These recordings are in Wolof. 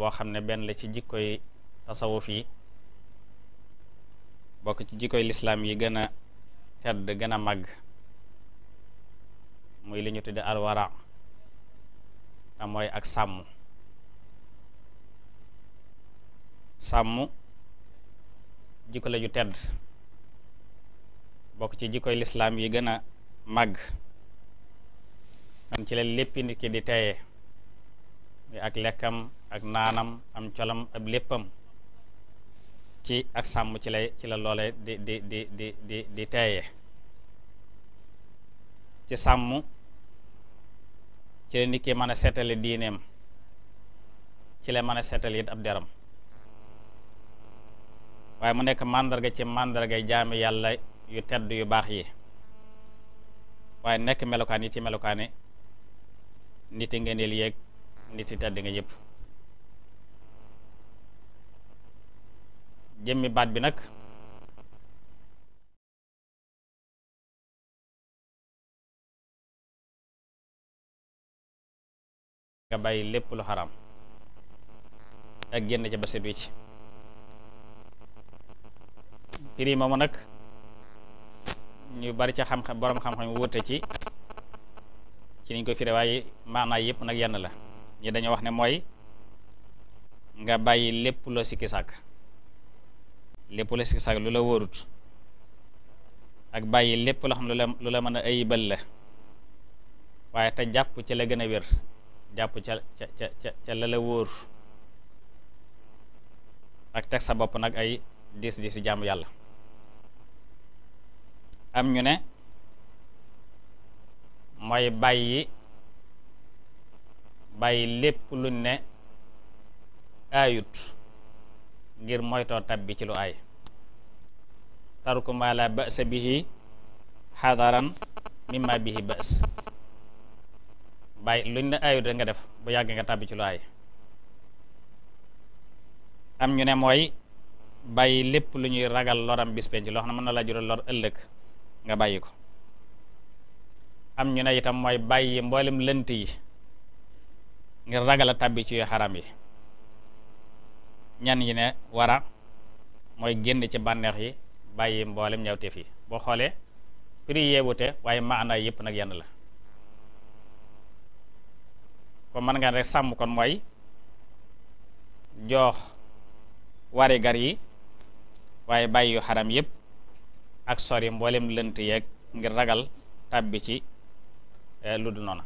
boo xam ne benn la ci jikkoy tasawuf yi bokk ci jikkoy lislaam yi gën a tedd gën a màgg muy li ñu tudde alwara te ak sàmm sàmm jikko la ju tedd bokk ci jikkoy lislaam yi gën a màgg xam ci la lépp nit ki di teye ak lekkam ak naanam am colam ab léppam ci ak sàmm ci lay ci la loole di di di di di teeye ci sàmm ci la nit ki mën a seetale diineem ci la mën a seetale it ab deram waaye mu nekk màndarga ci màndarga jaami yàlla yu tedd yu baax yi waaye nekk melokaan yi ci melokaani nit yi ngeen yéeg nit yi tedd nga jëmmi baat bi nag nga bàyyi lépp lu xaram ak génn ca ba set wicc prix nag ñu bari ca xam-xam boroom xam-xam wuute ci ci niñ ko firi waaye maanaay yëpp nag yenn la ñi dañu wax ne mooy nga bàyyi lépp loo sikki sàkk lépp la sikki sàkk lu la wóorut ak bàyyi lépp loo xam ne lu la mën a ayibal la waaye te jàpp ci la gën a wér jàpp ca ca ca ca la la wóor ak teg sa bopp nag ay diis diis si jaamu yàlla am ñu ne mooy bàyyi bàyyi lépp luñ ne aayut ngir moytoo tabbi ci lu aay tarku ma la ba'sa bihi xadaran mimma bihi ba's bàyyi luñ ne aayut rek nga def bu yàggee nga tàbbi ci lu aay am ñu ne mooy bàyyi lépp lu ñuy ragal loram bis penc loo xam ne mën na laa jural lor ëllëg nga bàyyi ko am ñu ne itam mooy bàyyi mboolem lënt yi ngir ragal a tàbbi ci xaram yi ñan yi ne wara mooy génn ci bànneex yi bàyyi mboolem ñawteef yi boo xoolee prix yee wute waaye maana yëpp nag yenn la kon mën nga rek sàmm kon mooy joox wari gar yi waaye bàyyi yu xaram yëpp ak sori mboolem lënt yeeg ngir ragal tàbbi ci eh, lu du noona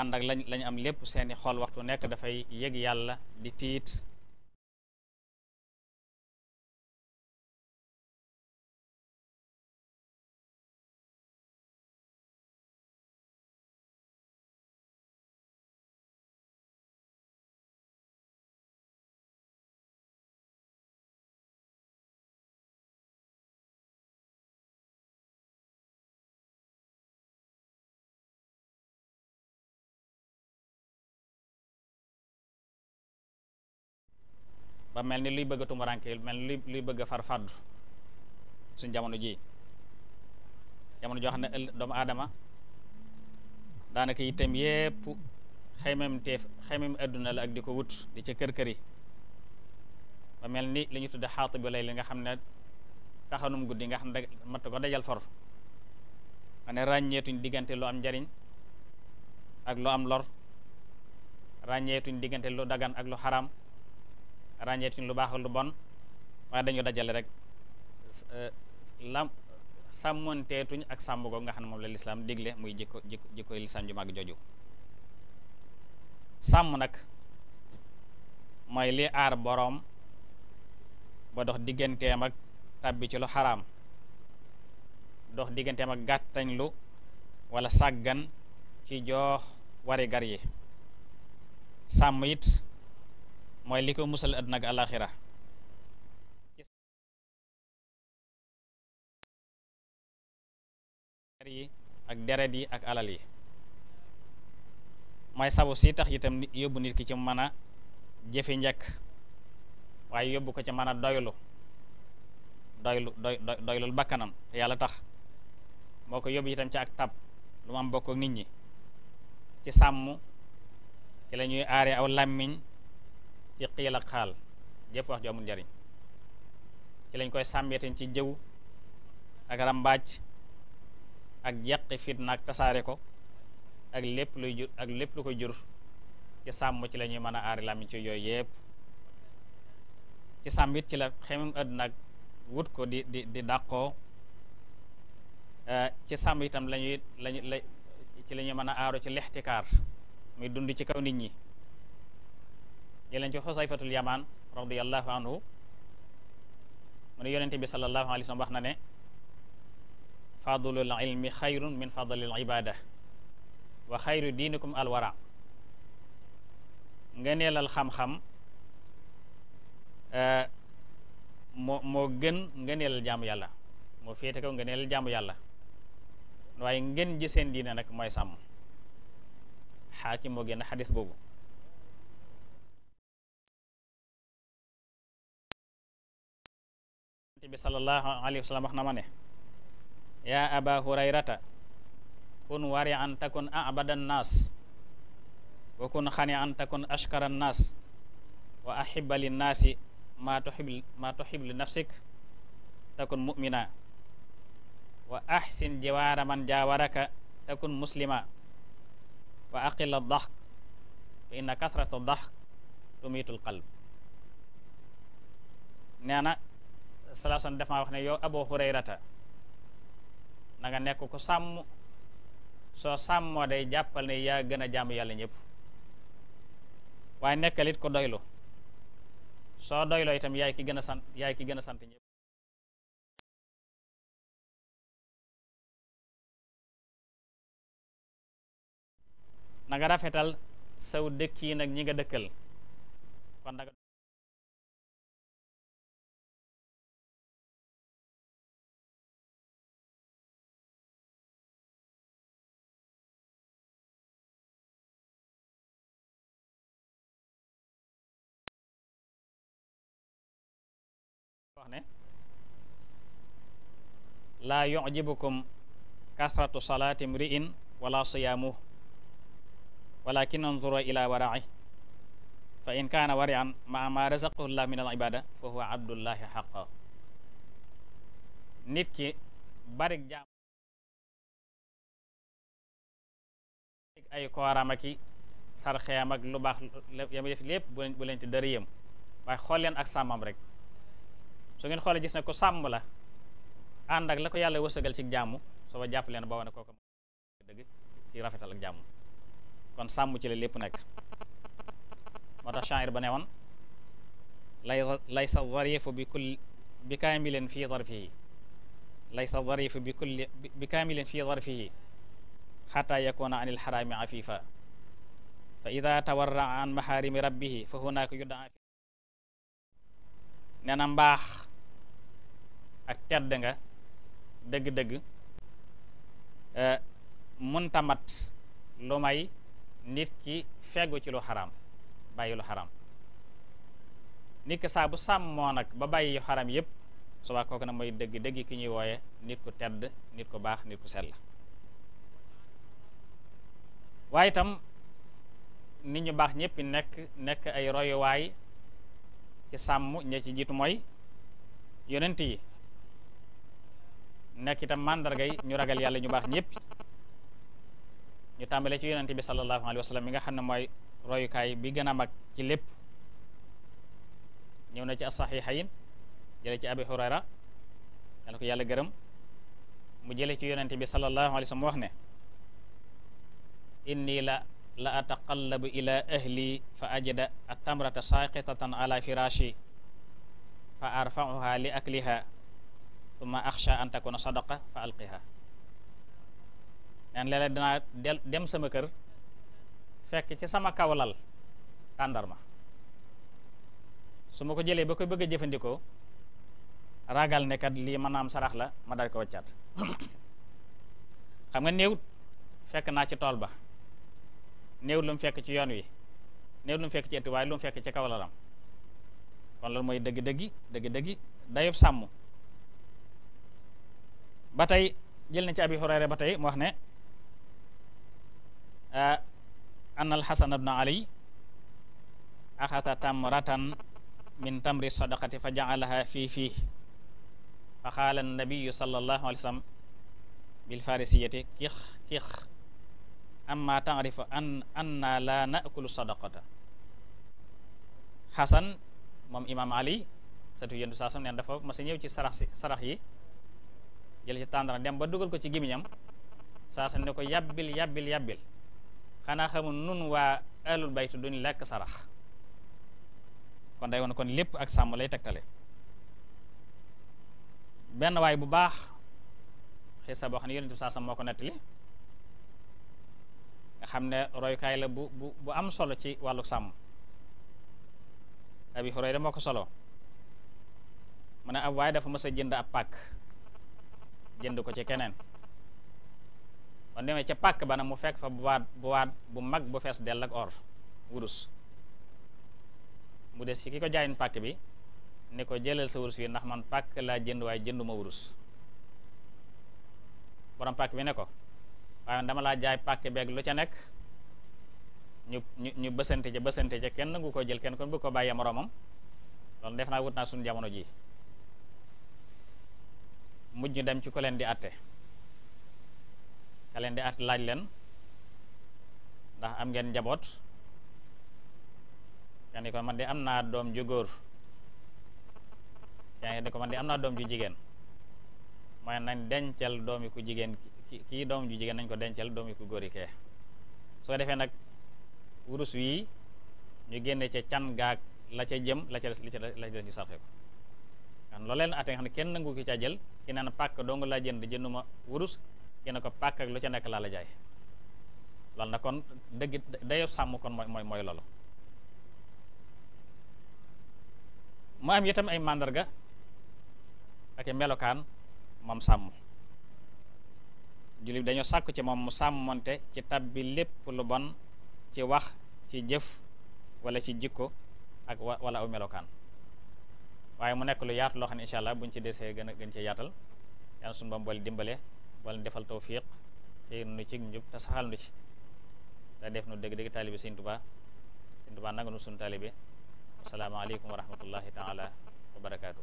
ànd ak lañ lañ am lépp seeni xol waxtu nekk dafay yëg yàlla di tiit ba mel ni luy bëgg a tumuraanke mel ni luy bëgg a far fàddu suñ jamono ji jamono joo xam ne doomu aadama daanaka itam yépp xaymam teef xaymam adduna la ak di ko wut di ca kër-kër yi ba mel ni li ñu tudde xaatu bi lay li nga xam ne taxanum guddi nga xam ne mat ko dajal for ma ne ràññeetuñ diggante lu am njariñ ak lu am lor ràññeetuñ diggante lu dagan ak lu xaram ràññeetuñ lu baax lu bon waaye dañu dajale rek eh, lam ak sàmm googu nga xam ne moom la lislaam digle muy jikko jikko jikkoy lislaam ju mag joju sàmm nag mooy li aar boroom ba dox digganteem ak tàbbi ci lu xaraam dox digganteem ak gàttañ lu walla sàggan ci joox wari gar yi sàmm it mooy li ko musal àdduna ak àlaxira yi ak deret yi ak alal yi mooy sabu si tax itam yóbbu nit ki ci mën a jëfi njëkk waaye yóbbu ko ci mën a doylu doylu doy doylul bakkanam te yàlla tax moo ko yóbbu itam ci ak tab lu mu am bokk nit ñi ci sàmm ci la aare aw làmmiñ ci xiil xaal jëpp wax ju njariñ ci lañ koy sàmmee tamit ci jëw ak ràmbaaj ak jeqi fitna ak tasaare ko ak lépp luy jur ak lépp lu koy jur ci sàmm ci la ñuy mën a aari làmmiñ ci yooyu yëpp ci sàmm ci la xemum àdduna ak wut ko di di di dàqoo eh, ci sàmm itam lañuy lañu ci la ñuy mën a aaru ci lextikaar muy dund ci kaw nit ñi jëleen ci xusayfatul yamaan radiallahu anhu mu ne yonente bi salallahu alayhi wa wax na ne fadlul ilmi xayrun min fadlil ibada wa xayru diinikum alwara ngëneelal xam-xam euh, moo moo gën ngëneelal jaamu yàlla moo féete kaw ngëneelal jaamu yàlla waaye ngeen ji seen diine nag mooy sàmm xaakim moo génn xadis boobu bi sallallahu alayhi wa sallam wax na ma ne yaa aba hurayrata kun wari an takun abada nnaas wa kun xani an takun ashkara nnaas wa axiba linnaasi maa tuxib maa tuxib li nafsik takun mumina wa axsin jiwaara man jaawaraka takun muslima wa aqil daxk fa inna kasrata daxk tumiitul qalb nee na salaasan dafa wax ne yow Abu Hurayrata rata nanga nekk ku sàmm soo sàmmoo day jàppal ne yaa gën a jàmm yàlla ñëpp waaye nekkal ko doylu soo doyloo itam yaay ki gën a sant yaay ki gën a sant ñëpp na rafetal saw dëkk yi nag ñi nga dëkkal kon wax ne laa yujibukum kathratu salaati mri'in wala siyaamuh walakin anzura ila wara'i fa in kaana wari'an maa ma razaqahu llah min al ibada fa huwa abdullahi xaqa nit ki barik jaam ay kooram ak i sarxeem ak lu baax ya muy def lépp bu leen ci dara yem waaye xool leen ak sàmmam rek so ngeen xoolee gis ne ko sàmm la ànd ak la ko yàlla wësëgal ci jàmm soo ba jàpp leen ba wane kooku dëgg ci rafetal ak jàmm kon sàmm ci la lépp nekk moo tax shaa'ir ba ne woon lay laysa zarifu bi kulli bi kaamilin fii zarfihi laysa zarifu bi kulli bi kaamilin fii zarfihi xataa yakuna fa ida tawarraa an maxaarimi rabbihi fa hunaaka yuddaa nee na mbaax ak tedd nga dëgg-dëgg euh, munta mat lu may nit ki feggu ci lu xaraam bàyyi lu xaraam nit ki saa bu sàmmoo nag ba bàyyi yu xaraam yépp suba kooku nag mooy dëgg-dëgg ki ñuy wooye nit ku tedd nit ku baax nit ku sell waaye itam nit ñu baax ñëpp nekk nekk ay royuwaay ci sàmm ña ci jiitu mooy yonent yi nekk itam mandargay ñu ragal yàlla ñu baax ñëpp ñu tàmbale ci yonente bi sallallahu alayhi wa sallam mi nga xam ne mooy royukaay bi gën a mag ci lépp ñëw na ci as-saxiixayn jële ci abi hurayra ko yàlla gërëm mu jële ci yonente bi sallallahu alayhi wa sallam wax ne inni la la ataqallabu ila ahli fa ajida atamrata saqitatan ala firashi fa arfa'uha li akliha summa axsha an takuna sadaqa fa alqiha neen léeg-léeg danaa del dem sama kër fekk ci sama kaw lal tàndarma su ma ko jëlee ba ko bëgg a jëfandikoo ragal ne lii mën naa am sarax la ma dal ko waccaat xam nga néewut fekk naa ci tool ba néewut lu mu fekk ci yoon wi néewut lu mu fekk ci ëtt waaye lu mu fekk ci kaw lalam kon loolu mooy dëgg-dëggi dëgg-dëggi dayub sàmm ba tey jël na ci abi hurayra ba tey mu wax ne anna alxasan bna ali axata tamratan min tamri sadaqati fa jaalaha fii fii fa qaala annabiyu sallallahu alayhi wa sallam bilfarisiyati kix kix amma taarifu an anna la nakulu sadaqata xasan moom imam ali satu yéndu saa sam neen dafa ma sa ñëw ci sarax si sarax yi jël ci tàndara dem ba dugal ko ci gimiñam saa sa ko yàbbil yàbbil yàbbil xanaa xamul nun waa alul baytu duñ lekk sarax kon day woon kon lépp ak sàmm lay tegtale benn waay bu baax xisa boo xam ne yonent bi saa moo ko nettali nga xam ne royukaay la bu bu bu am solo ci wàllu sàmm abi Hurayra moo ko solo mu ne ab waaye dafa mës jënd ab pàkk jënd ko ci keneen kon demee ca pàkk ba nag mu fekk fa bu waat bu waat bu mag bu fees dell ak or wurus mu des ci ki ko jaayin pàkk bi ni ko jëlal sa wurus yi ndax man pàkk laa jënd waaye jënduma wurus borom pàkk bi ne ko waaye dama laa jaay pàkk beeg lu ca nekk ñu ñu ñu bësante ca bësante ca kenn nangu ko jël kenn kon bu ko bàyyee moromam loolu def naa wut naa suñu jamono jii mujj dem ci ko leen di àtte ka leen di àtte laaj leen ndax am ngeen njaboot yaa ni ko man di am naa doom ju góor yaa ni ko man di am naa doom ju jigéen mooy nañ dencal doomi ku jigéen kii doom ju jigéen nañ ko denceel doomi ku góor yi kee soo defee nag wurus wii ñu génne ca can gaag la ca jëm la ca la ca la ca ñu sarxe ko xam looleen atte nga xam ne kenn nangu ki caa jël ki naan pàkk dong laa jënd jënduma wurus ki ne ko pàkk ak lu ca nekk laa la jaay loolu na kon dëgg dayo sàmm kon mooy mooy mooy loolu mu am itam ay màndarga ak melokaan moom sàmm jullit dañoo sàkku ci moom mu sàmmonte ci tab bi lépp lu bon ci wax ci jëf wala ci jikko ak wala aw melokaan waaye mu nekk lu yaat loo xam ne incha allah buñ ci desee gën a gën cee yaatal yàlla suñu bam boole dimbale boole defal tawfiq xiir nu ci njub te saxal nu ci da def nu dëgg-dëgg taalibe Sëñ Tuubaa Sëñ Tuubaa nanga nu suñu taalibe asalaamaaleykum wa rahmatullahi taala wa barakaatu